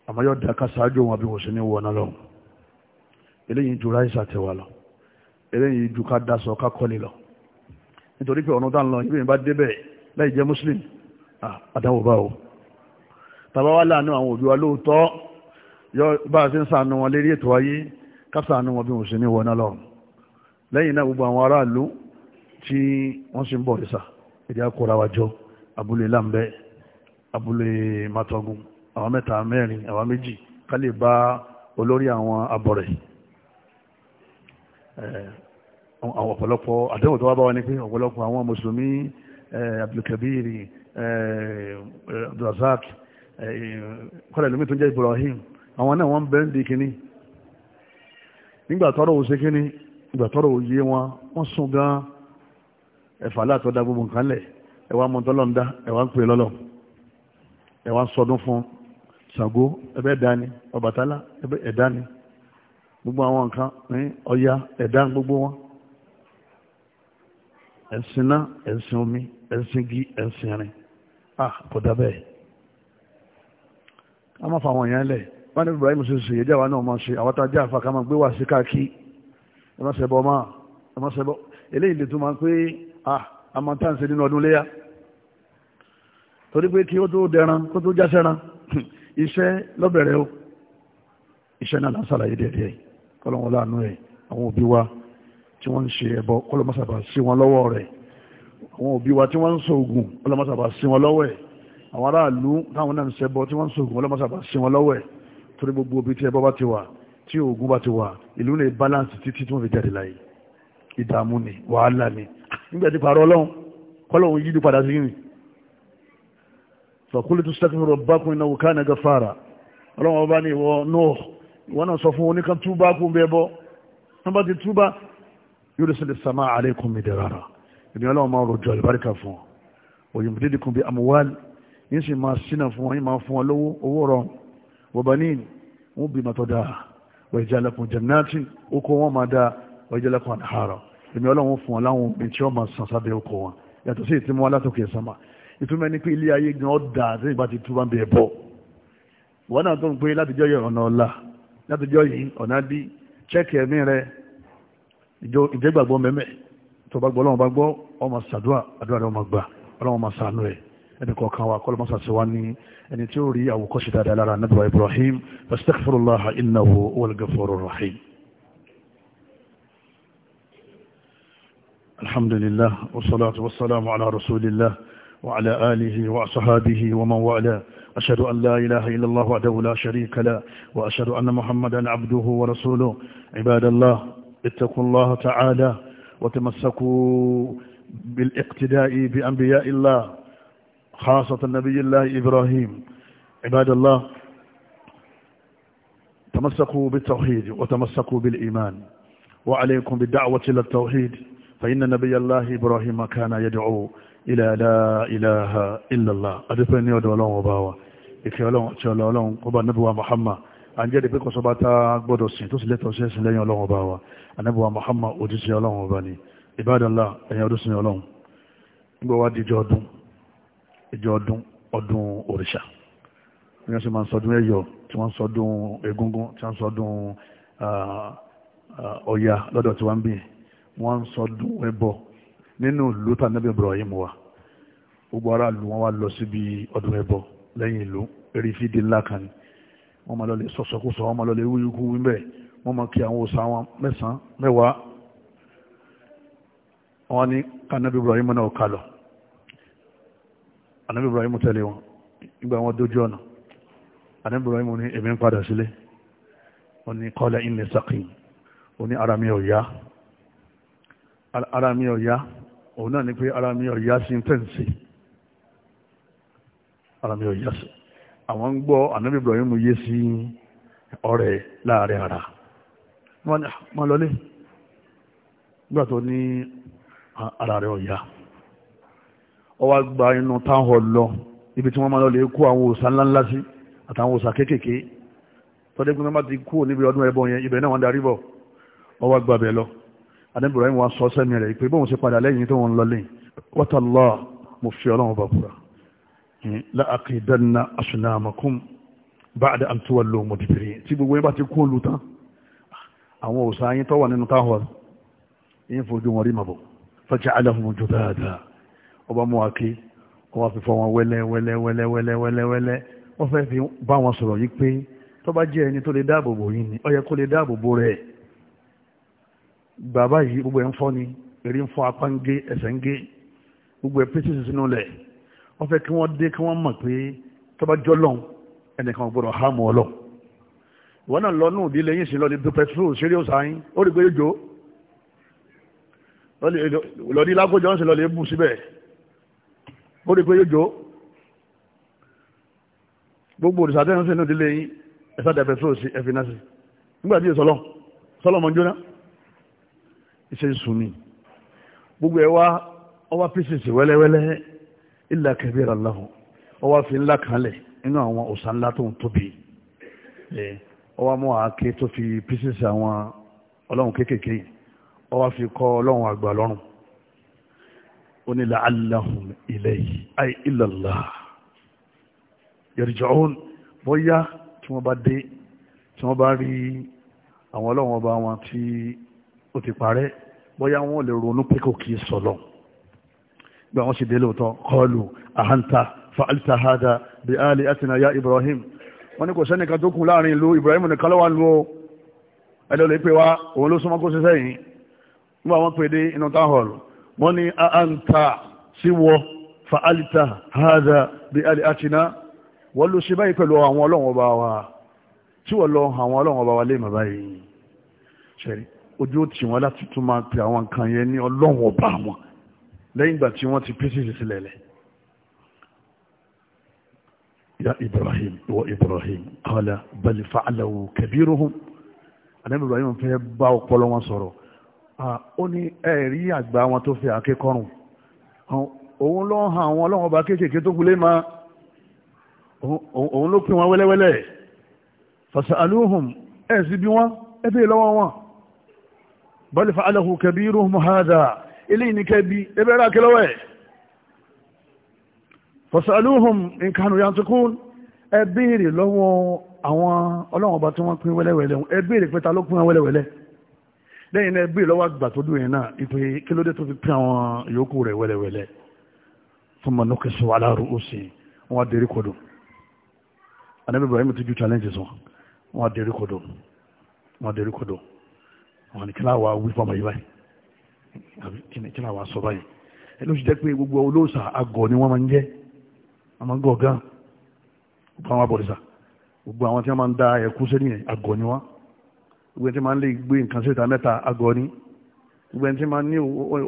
àmọ́ yóò dá ká ṣáájú wọn bí wọ́n sì ní wọ náà lọ́wọ́ eléyìí ju ráìsà tẹwà lọ eléyìí ju ká dasọ ká kọ́lé lọ nítorí pé ọ̀nà tá ń lọ ibi ìbá débẹ̀ láì jẹ́ muslim àdáwò báwo tàbá wá láàánú àwọn òbí wa lóòótọ́ yọ bá a ṣe ń sànú wọn lérí ètò ayé ká sànú wọn bí wọn ṣe ní wọná lọ lẹ́yìn náà gbogbo àwọn aráàlú tí wọ́n sì ń bọ̀ ìsà èdè akọ̀ra wa jọ abúlé lambẹ́ abúlé matogun àwọn mẹ́ta mẹ́rin àwọn méjì ká lè bá olórí àwọn abọ̀rẹ̀ ọ̀pọ̀lọpọ̀ àdéhùn tó wá bá wa ní pé ọ̀pọ̀lọpọ̀ àwọn mùsùlùmí abdulkabir abdulrazak kọ́lẹ̀ lómi tó jẹ́ Ibrahim àwọn náà wọ́n bẹ́ẹ̀ ń di kínní nígbà tọ́rọ̀ ò ṣe kínní nígbà tọ́rọ̀ ò yé wọn wọ́n sùn gan ẹ̀fà látọ̀ da gbogbo nǹkan lẹ̀ ẹ̀wà mọ̀tọ́lọ́ndá ẹ̀wà ń pè lọ́lọ́ ẹ̀wà ń sọdún fún Ṣàngó ẹ̀bẹ̀ dání Ọbàtálá ẹ̀bẹ̀ ẹ̀dání gbogbo àwọn nǹkan ní Ọya ẹ̀dá gbogbo wọn ẹ̀sìn náà ẹ̀sìn omi ẹ̀sìn gi ẹ̀sìn rìn ah kò dábẹ́ẹ̀ a máa fa àwọn èèyàn lẹ̀ wọ́n ní Ibrahim ṣe ṣe ìyẹ́jà wa náà máa ṣe àwọn tá a jẹ́ àfa ká máa gbé wá sí káàkiri ẹ má ṣẹbọ máa ẹ má ṣẹbọ eléyìí lè tún máa pé a máa tàn sí nínú ọdún léyà torí pé kí ó tó dẹran kó tó jásẹ́ran iṣẹ́ lọ́bẹ̀rẹ̀ o iṣẹ́ náà lásàlàyé dẹ̀dẹ̀ kọ́lọ́wọ́n láàánú ẹ̀ àwọn òbí wa tí wọ́n ń ṣe ẹbọ kọ́lọ́mọ́sàbà sí wọn lọ́wọ́ rẹ̀ àwọn òbí wa tí wọ́n ń sọ ògùn kọ́lọ́mọ́sàbà sí wọn lọ́wọ́ ẹ̀ àwọn aráàlú táwọn náà ń ṣẹbọ tí wọ́n ń sògùn ọlọ́mọsàbà sí wọn lọ́wọ́ ẹ̀ torí gbogbo ibi tí ẹbọ bá ti wà tí oògùn bá ti wà ìlú lè balance títí tí wọ́n fi jáde láyé ìdààmú ni wàhálà ni nígbà tí pààrọ̀ ọlọ́run kọ́lọ́run yídú padà sí yìnyín fàkúlù tó sẹ́kùn rọ̀ bákùn iná òkà náà gafara ọlọ́run ọba ní ìwọ náà ìwọ náà sọ fún oníkan túbá kún bẹ́ẹ̀ bọ́ wọ́n bá ti túbá yóò lè sẹ́lẹ̀ sàmà alaykum mi dẹ̀ rárá ìdí ọlọ́run máa rọ̀jò àlùbáríkà fún òyìnbó dídì bí amúwálì yín sì máa sínà fún wọn yín máa fún wọn lówó owó rọ wọ̀bánì wọn bímọ tó dáa wọ́n ìjà lẹ́kùn jannatin oko wọn máa dáa wọ́n ìjà lẹ́kùn àhárọ̀ èmi ọlọ́run fún wọn láwọn obìnrin tí wọ́n máa sàn sábẹ́ oko wọn yàtọ̀ sí ìtìmọ́ alátòkè sàmà ìtumọ̀ ẹni pé ilé ayé gan ọ̀dà àti ìgbà tí túbà ń bẹ̀ bọ̀ wọn náà tó ń pé أنك وكوا كل ما سواني أن توري أو كشت على لرا ندوة إبراهيم فاستغفر الله إنه هو الغفور الرحيم الحمد لله والصلاة والسلام على رسول الله وعلى آله وصحابه ومن والاه أشهد أن لا إله إلا الله وعده لا شريك له وأشهد أن محمدا عبده ورسوله عباد الله اتقوا الله تعالى وتمسكوا بالاقتداء بأنبياء الله خاصة النبي الله إبراهيم عباد الله تمسكوا بالتوحيد وتمسكوا بالإيمان وعليكم بالدعوة إلى التوحيد فإن نبي الله إبراهيم كان يدعو إلى لا إله إلا الله أدفن يدعو لهم وباوة إكي لهم أتشاء لهم قبا نبوى محمد أن جدي بكو سباتا قدو سين تسلت لين لهم لهم وباوة نبوى محمد ودسي لهم وباني عباد الله أن يدسني لهم نبوى دي جودون ìjọ ọdún ọdún òrìṣà bí wọ́n ṣe máa ń sọdún ẹ̀yọ̀ tí wọ́n ń sọdún egúngún tí wọ́n ń sọdún ọya lọ́dọ̀ tí wọ́n ń bì wọ́n ń sọdún ẹbọ nínú ìlú tànàbí Ibrahim wa gbogbo ara ìlú wọn wá lọ síbi ọdún ẹbọ lẹ́yìn ìlú eré fídí ńlá kan ni wọ́n máa lọ lè sọ̀sọ̀kúsọ wọ́n máa lọ lè wíwíkú wíbẹ̀ wọ́n máa kí àwọn òòṣà wọn mẹ́sàn-án mẹ́wàá wọ́n ní kànáàbí Ibrahim náà kà anabi ibrahim tẹ̀lé wọn ìgbà wọn dójú ọ̀nà anabi ibrahim ní èmi ń padà sílé ó ní qala inni saqim ó ní ara mi ò yá ara mi ò yá òun náà ni pé ara mi ò yá sí tẹ̀sí ara mi ò yá sí àwọn ń gbọ́ anabi ibrahim yé sí ọ̀rẹ́ láàrin ara wọn ah, lọlé nígbà tó ní ah, ara rẹ̀ ò yá ọwá gba inú town hall lọ ibi tí wọ́n máa lọ lè kó àwọn òòsà ńláńlá sí àtàwọn òòsà kéékèèké tọ́dẹ́gbọ́n máa ti kú níbi ọdún ẹbọ yẹn ibẹ̀ náà wọ́n darí bọ̀ ọwá gba bẹ̀ lọ adébùrọ̀ yìí wọ́n sọ sẹ́mi rẹ̀ pé bóun ṣe padà lẹ́yìn tó wọ́n lọ lẹ́yìn wọ́tàlá mo fi ọlọ́run bá kúra láàkìdánná asùnàmọ́kùn báàdà àtúwọ̀lò mọ̀dìbìrì tí gbogbo yẹn bá ti kú òlu tán àwọn òòsà yẹn tọ́wà nínú táwọn yẹn fojú wọn rí màbọ̀ faja'alahum jubada ọba mú wa kí ọba fi fọ wọn wẹ́lẹ́ wẹ́lẹ́ wẹ́lẹ́ wẹ́lẹ́ wẹ́lẹ́ wẹ́lẹ́ wọ́n fẹ́ fi bá wọn sọ̀rọ̀ yìí pé tó bá ẹni tó lè dáàbò bò yín ni ó yẹ kó lè dáàbò bò rẹ̀ bàbá yìí gbogbo ẹ̀ ń fọ́ ni eré ń fọ́ apá ń gé ẹsẹ̀ ń gé gbogbo ẹ̀ pété sínú lẹ̀ wọ́n fẹ́ kí wọ́n dé kí wọ́n mọ̀ pé tó bá jọ́ ẹnìkan gbọ́dọ̀ há mọ́ ọlọ́ ìwọ náà lọ́nù ìdílé yín sí lọ́ọ́ di pẹtrol ṣeré ọ̀sán ó rí pé yóò jó lọ́ọ́ ó rí pé yóò jó gbogbo òrìṣà tẹ́yìn sínú ìdílé yín ẹ̀sà dẹ̀fẹ̀ tó sí ẹ̀fì náà sí nígbà tí ìsọlọ sọlọ mọ jóná iṣẹ́ ìsúnmi gbogbo ẹ̀ wá ọwá píṣìṣì wẹ́lẹ́wẹ́lẹ́ ilà kẹbíra láhùn ọwá fi ńlá kanlẹ̀ nínú àwọn òsà ńlá tó ń tóbi ọwá mú àáké tó fi píṣìṣì àwọn ọlọ́run kéékèèké ọwá fi kọ́ ọlọ́run àgbà lọ́rùn oni la'allahum ilayhi ay illallah yarji'un bóyá tí wọ́n bá dé tí wọ́n bá rí àwọn ọlọ́wọ́n bá wọn tí ó ti parẹ́ bóyá wọ́n lè ronú pé kò kí sọ̀lọ̀ gbà wọ́n sì dé lóòótọ́ qalu ahanta fa'alta hada bi alihatina ya ibrahim wọ́n ní kò sẹ́nìkan tó kù láàrin ìlú ibrahim nìkan lọ́wọ́ lu ẹ̀dọ́ lè pè wá òun ló súnmọ́ kó ṣiṣẹ́ yìí nígbà wọ́n pè dé inú táwọn hall wọ́n ní àǹtà síwọ́ fa'alita haza bí aliatina wọ́n ló ṣe báyìí pẹ̀lú àwọn ọlọ́wọ́n bá wa tí wọ́n lọ àwọn ọlọ́wọ́n bá wa lè mọ̀ báyìí ṣẹ̀rí ojú tí wọ́n láti tún máa pe àwọn nǹkan yẹn ní ọlọ́wọ́n bá wọn lẹ́yìn ìgbà tí wọ́n ti pèsè sílẹ̀ lẹ̀ ya Ibrahim wa Ibrahim qala bal fa'alahu kabiruhum anabi Ibrahim fẹ́ bá ọpọlọ wọn sọ̀rọ̀ ó ní ẹ̀rí àgbà wọn tó fi àáké kọrùn òun ló ń han àwọn ọlọ́wọ́n ọba kéékèèké tó kulé ma òun ló pín wọn wẹ́lẹ́wẹ́lẹ́ fasaluhum ẹ̀ sí bí wọ́n ẹ bèè lọ́wọ́ wọn bal fa'alahu kabiruhum hadha eléyìí ní kẹbi ẹ bẹ́ẹ̀ rà kílọ́wọ́ ẹ̀ fasaluhum in kanu yantikun ẹ béèrè lọ́wọ́ àwọn ọlọ́wọ́n ọba tí wọ́n pín wẹ́lẹ́wẹ́lẹ́ ẹ béèrè pé ló pín wọn wẹ́lẹ́wẹ́lẹ́ lẹ́yìn náà ẹbí lọ́wọ́ àgbà tó dùn yẹn náà ìpè kí ló dé tó fi pín àwọn yòókù rẹ̀ wẹ́lẹ́wẹ́lẹ́ fún mọ̀ nókè sọ aláàrú ó sì wọ́n adérí kodò Ànábì Ibrahim ti ju challenge sọ wọ́n adérí kodò wọ́n adérí kodò wọ́n ní kí náà wà wí fọmọ yìí báyìí àbí kí náà wà sọ báyìí ẹ ló jẹ́ pé gbogbo olóòṣà àgọ̀ ni wọ́n máa ń jẹ́ àmọ́ gọ̀ọ̀gán gbogbo àwọn abọ̀rìṣà gbogbo àwọn tí wọ́n máa ń da ẹ̀kú sẹ́yìn àgọ̀ ni wọ́n gbogbo tí máa ń lè gbé nǹkan síta mẹ́ta àgọ́ ni gbogbo tí máa ń ní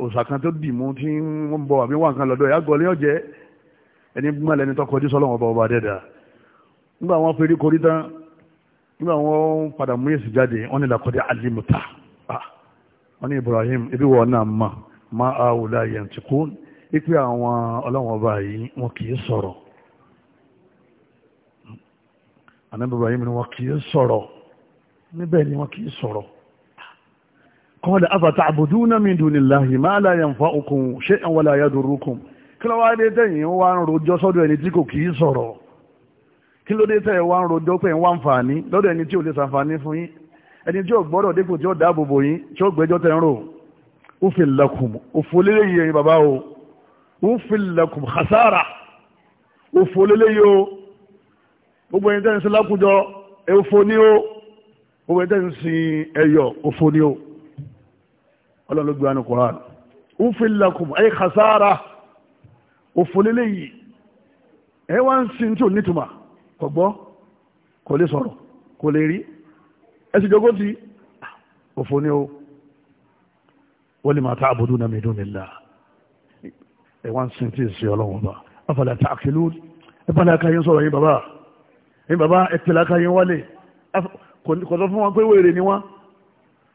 òòsà kan tó dì mú tí wọ́n ń bọ àbí wà nǹkan lọ́dọ̀ ẹ̀ àgọ́ lẹ́yìn ọ̀jẹ́ ẹni gbọ́n lẹni tó kọjú sọ́lọ́wọ́ ọba ọba dẹ́dà nígbà wọn fẹ́rí korí tán nígbà wọn padà mú èsì jáde wọn ni làkọ́dẹ́ alimuta wọn ni Ibrahim ibi wọn náà mà má a wò láàyè ntìkú ipe àwọn ọlọ́wọ́n ọba yìí wọn kì í sọ̀rọ̀ àná Ibrahim ni wọn kì í sọ̀rọ̀ níbẹ̀ ni wọ́n kì í sọ̀rọ̀ qala afata'buduna min dunillahi ma la yanfa'ukum shay'an wa la yadurrukum kí ló wá dé tẹ̀yìn wá ń rojọ́ sọ́dọ̀ ẹni tí kò kì í sọ̀rọ̀ kí ló dé tẹ̀yìn wá ń rojọ́ pé ń wá ǹfààní lọ́dọ̀ ẹni tí ò lè ṣàǹfààní fún yín ẹni tí ò gbọ́dọ̀ dépò tí ó dáàbò yín tí ó gbẹ́jọ́ tẹ̀ ń rò ufil lakum òfòlélé yìí ẹ̀yin bàbá o ufil lakum khasara òfòlélé yìí o gbogbo ẹni tẹ́yìn sí lákùjọ òfò ní o gbogbo ẹ̀dẹ́ ń sin ẹyọ òfò ni ó ọlọ́lọ́gbé wa ní Qur'an ń fi lakum ẹ̀yẹ kàsára òfò lélẹ̀ yìí ẹ̀ wá ń sin tí ò nítumà kò gbọ́ kò lè sọ̀rọ̀ kò lè rí ẹ̀ sì jogó ti òfò ni ó wọ́n lè ta àbùdú náà min dunillah ẹ̀ wá ń sin tí ì sin ọlọ́run bá afala ta'qilun ẹ̀ bá láàkà yín sọ̀rọ̀ yín bàbá yín bàbá ẹ̀ tẹ̀láàkà yín wálé kò sọ fún wọn pé wèrè ni wọ́n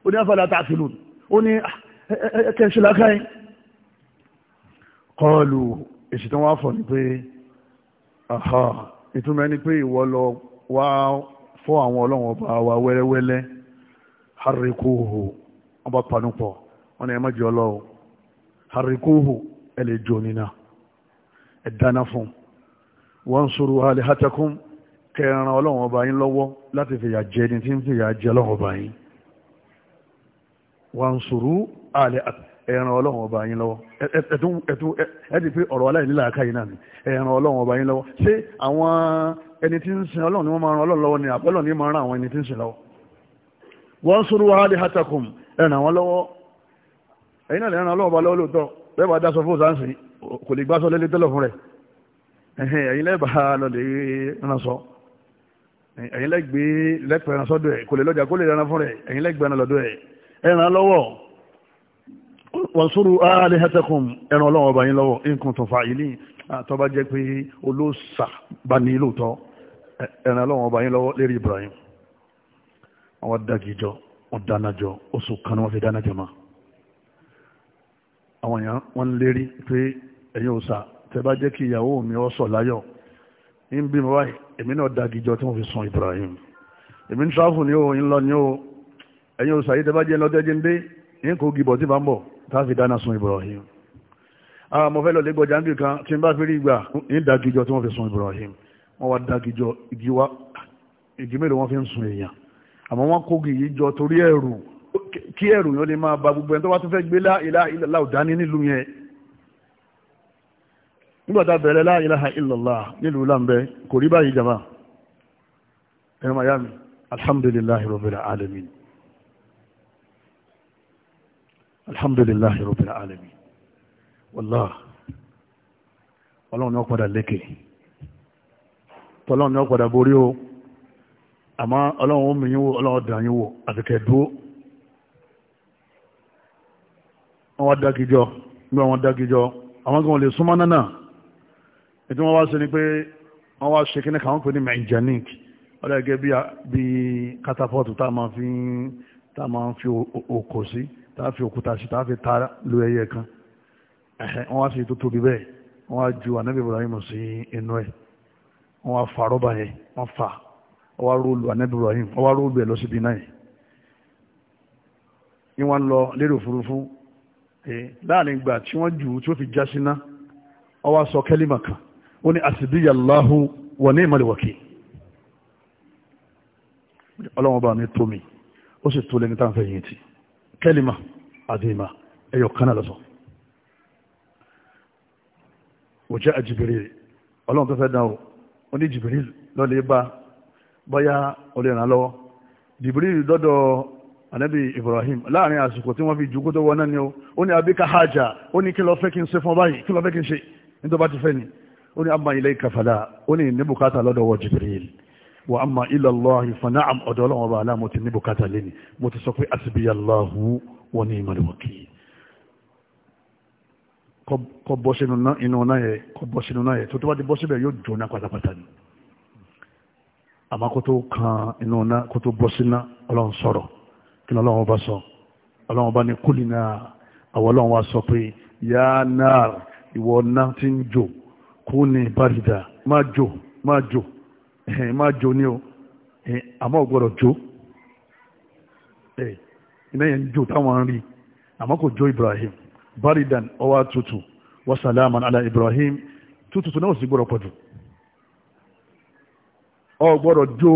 ó ní afẹ́lá tààfilù ó ní ah, ẹ̀kẹ́ṣẹ́ lákàáyí kọlù èsì tó wá fọ̀ ní pé àhá ìtumọ̀ ni pé ìwọ lọ wá fọ́ àwọn ọlọ́wọ́n ọba wa wẹ́rẹ́wẹ́lẹ́ harikuhu ọba panupọ̀ wọn ni ẹ má jẹ ọlọ́wọ́ ẹ lè jọ nínà ẹ dáná fún wọn sọ̀rọ̀ alẹ́ hatakum kẹran ọlọ́run ọba yín lọ́wọ́ láti fìyà jẹ ni tí ń fìyà jẹ ọlọ́run ọba yín wàǹsùrú àlẹ́ ẹran ọlọ́run ọba yín lọ́wọ́ ẹ̀tún ẹ̀tún ẹ̀dì pé ọ̀rọ̀ aláìní làákà yìí náà ni ẹran ọlọ́run ọba yín lọ́wọ́ ṣé àwọn ẹni tí ń sin ọlọ́run ni wọ́n máa ran ọlọ́run lọ́wọ́ ni àbọ́lọ̀ ni máa ran àwọn ẹni tí ń sin lọ́wọ́ wàǹsùrú àlẹ́ hatakum ẹran lẹ́bàá lọ lè ẹ̀yin lẹ́gbẹ̀ẹ́ lẹ́pẹ̀ ẹran sọ́dọ̀ ẹ̀ kò lè lọ́jà kó lè rẹran fún rẹ̀ ẹ̀yin lẹ́gbẹ̀ẹ́ ẹran lọ́dọ̀ ẹ̀ ẹran lọ́wọ́ wansuru alihatakum ẹran ọlọ́wọ́ ọba yín lọ́wọ́ in kuntum fa'ilin tó bá jẹ́ pé olóòsà bá ní lóòótọ́ ẹran ọlọ́wọ́ ọba yín lọ́wọ́ lérí Ibrahim àwọn dagijọ́ wọn dánájọ́ oṣù kan wọn fi dánájọ́ ma àwọn èèyàn wọn lérí pé ẹ̀yin òòsà tẹ bá jẹ́ kí ìyàwó mi ó sọ̀ láyọ̀ ń bí mi wáyé èmi náà dagijọ tí wọ́n fi sun Ibrahim èmi ń tráfù ní o ń lọ ní o ẹ̀yin oṣù àyíjẹ́ bá jẹ́ lọ́jọ́ dé yín kò gìbọ̀ tí bá ń bọ̀ táàfi dáná sun Ibrahim Ah ọmọ fẹ́ lọ lẹ́gbọ̀ jáǹdì kan tí ń bá fi rí ìgbà ń dagijọ tí wọ́n fi sun Ibrahim wọ́n wá dagijọ igi wá igi mélòó wọ́n fi ń sun èèyàn àmọ́ wọ́n kó gìyí jọ torí ẹ̀rù kí ẹ̀rù yẹn lè máa ba gbogbo ẹni tó nígbàtà bẹ̀rẹ̀ la ilaha illallah nílùú lámbẹ́ kò rí báyìí jama ẹ̀rọ miami alhamdulillahi rabbil alamin alhamdulillahi rabbil alamin wallah ọlọ́run ni wọ́n padà lékè tọ́lọ́run ni wọ́n padà borí o àmọ́ ọlọ́run ó mìíyàn wò ọlọ́run dàn yín dúó wọ́n wá dákijọ́ nígbà wọ́n lè súnmọ́ náà ètò wọn wá sí ni pé wọn wá ṣe kíní káwọn pè ní mẹjanic ọdọ gẹ́gẹ́ bí bí catapult tá a máa fi tá a máa fi òkò sí tá a fi òkúta sí tá a fi ta lu ẹyẹ kan wọn wá sí tó tóbi bẹ́ẹ̀ wọn wá ju anabi ibrahim sí inú ẹ wọn wá fa rọba yẹn wọn fa wọn wá rólu anabi ibrahim wọn wá rólu ẹ lọ síbi náà yẹn ni wọn lọ lérò òfurufú láàrin ìgbà tí wọn jù tí ó fi já síná wọn sọ kẹlímà kan ó ní àṣìbíyà láhù wọ ní ìmọ̀lẹ̀wọ̀kì ọlọ́wọ́n bá ní tómi ó sì tó lẹ́ni táǹfẹ̀ yìí ti kẹ́lìmà àdìmà ẹyọ kan lọ́sọ̀ ó jẹ́ àjìbìrì o ó ní jìbìrì lọ́lẹ̀ bá bọ́yá olè ràn lọ́wọ́ anabi ibrahim láàrin àsìkò tí wọ́n fi jù kótó wọn náà ni ó ní abíkà hajj ó ní kí lọ fẹ́ kí n ṣe fún báyìí kí lọ fẹ́ kí n ṣe nítorí bá ti fẹ́ ni ó ní amma ilayka fala ó ní ní bùkátà lọ́dọ̀ wọ jibril wa amma ila Allah fa na'am ọ̀dọ̀ ọlọ́wọ́ bá aláàmù ti ní bùkátà lẹ́ni mo ti sọ pé asbi Allahu wa ni'mal wakil kọ bọ́ sínú inú náà yẹ kọ bọ́ sínú náà yẹ tó tó bá ti bọ́ síbẹ̀ yóò jóná pátápátá ni àmọ́ kó tó kan inú náà kó tó bọ́ síná ọlọ́run sọ̀rọ̀ kí ni ọlọ́run bá sọ ọlọ́run bá ní kúlì náà àwọn ọlọ́run wá sọ pé yáà náà ìwọ náà ti ń jò kú ní bàrìdà má jò má jò má jò ní o àmọ́ ò gbọ́dọ̀ jó iná yẹn ń jò táwọn ń rí àmọ́ kò jó Ibrahim baridan ọwá tutù wa salaman ala Ibrahim tutù náà sì gbọ́dọ̀ pọ̀jù ọ gbọ́dọ̀ jó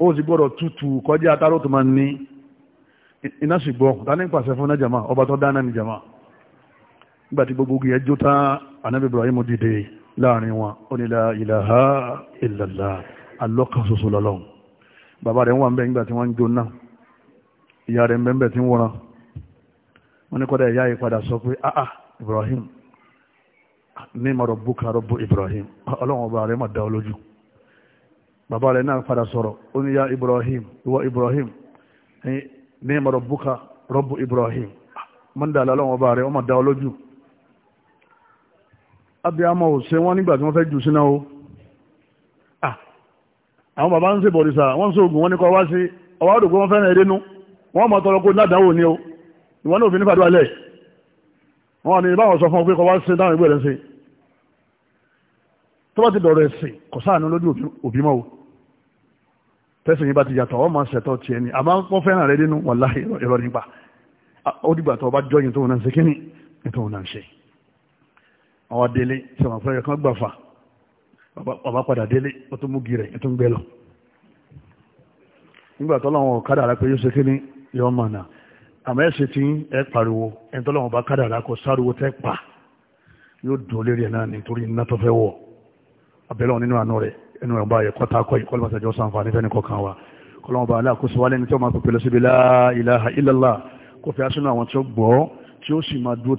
ó sì gbọ́dọ̀ tutù kọjá atáró tó máa ní iná sì gbọ́ ta pàṣẹ fún náà jama ọba tó dáná ní jama nígbà tí gbogbo yẹn jó tán anabi Ibrahim dìde láàrin wọn ó ní la ilaha illallah alọ́kan ṣoṣo lọ́lọ́run bàbá rẹ̀ wà ń bẹ nígbà tí wọ́n ń jóná ìyá rẹ̀ ń bẹ tí ń wọ́ran wọ́n ní kọ́dá ìyá yìí padà sọ pé ah ah Ibrahim ní ma rabbuka rabbu Ibrahim ọlọ́run ọba rẹ̀ mà dá ọ bàbá rẹ̀ náà padà sọ̀rọ̀ ó Ibrahim ìwọ Ibrahim ní ma rabbuka rabbu Ibrahim mọ́ndà lọ́lọ́run ọba rẹ̀ ọ mà dá ọ abiyamọ ò ṣe wọ́n nígbà tí wọ́n fẹ́ jù síná o ah, àwọn bàbá ń ṣe bọ̀dìsà wọ́n ń ṣe oògùn wọn ní kọ́ wá sí ọwọ́ àdògbò wọn fẹ́ràn ẹdínú wọ́n mọ̀ tọrọ kó ládàáwò ni o ìwọ́n náà fi nípa àdúrà lẹ̀ wọ́n wà ní ìbáwọn sọ fún ọ pé kọ́ wá sí dáhùn ìgbẹ́ rẹ̀ sí tó bá ti dọ̀rọ̀ ẹ̀sìn kò sáànù lójú òbí mọ́ o tẹ́sìn yìí bá ti yàtọ̀ ọmọ ṣẹ̀tọ̀ tiẹ̀ ni àmọ́ wọ́n fẹ́ràn rẹ̀ nínú wàláhì ìrọ̀ nípa ah, ó dìgbà tó bá jọyìn tó náà ṣe kíní ètò náà ṣe àwọn adélé sọ̀rọ̀ fẹ́ kan gbà fà bàbá padà délé ó tún mú gírẹ̀ ó tún gbé lọ nígbà tó lọ́wọ́ kádàrá pé yóò ṣe kí ni yọ mọ̀nà àmọ́ ẹ̀ṣẹ̀ tí ẹ pariwo ẹni tó lọ́wọ́ bá kádàrá kó sáriwo tẹ́ pa yóò dùn lérí ẹ̀ náà nítorí iná tó fẹ́ wọ̀ abẹ́lẹ́ nínú àánú rẹ̀ ẹnu ẹ̀ bá yẹ kọ́ta kọ́ ìkọ́lù mọ́tàjọ́ sàǹfààní ní tí wọ́n la ilaha illallah kó fi aṣínú àwọn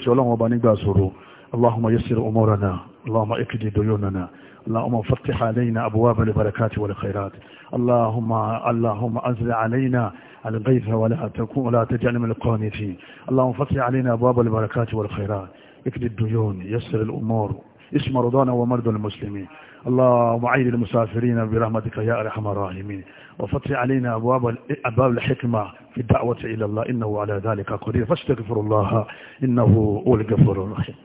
tí ó اللهم يسر أمورنا اللهم اكد ديوننا اللهم فتح علينا أبواب البركات والخيرات اللهم اللهم أنزل علينا الغيث ولا تكون ولا تجعل من القانتين اللهم فتح علينا أبواب البركات والخيرات اكد الديون يسر الأمور اسم رضانا ومرضى المسلمين اللهم عين المسافرين برحمتك يا أرحم الراحمين وفتح علينا أبواب أبواب الحكمة في الدعوة إلى الله إنه على ذلك قدير فاستغفر الله إنه هو الغفور الرحيم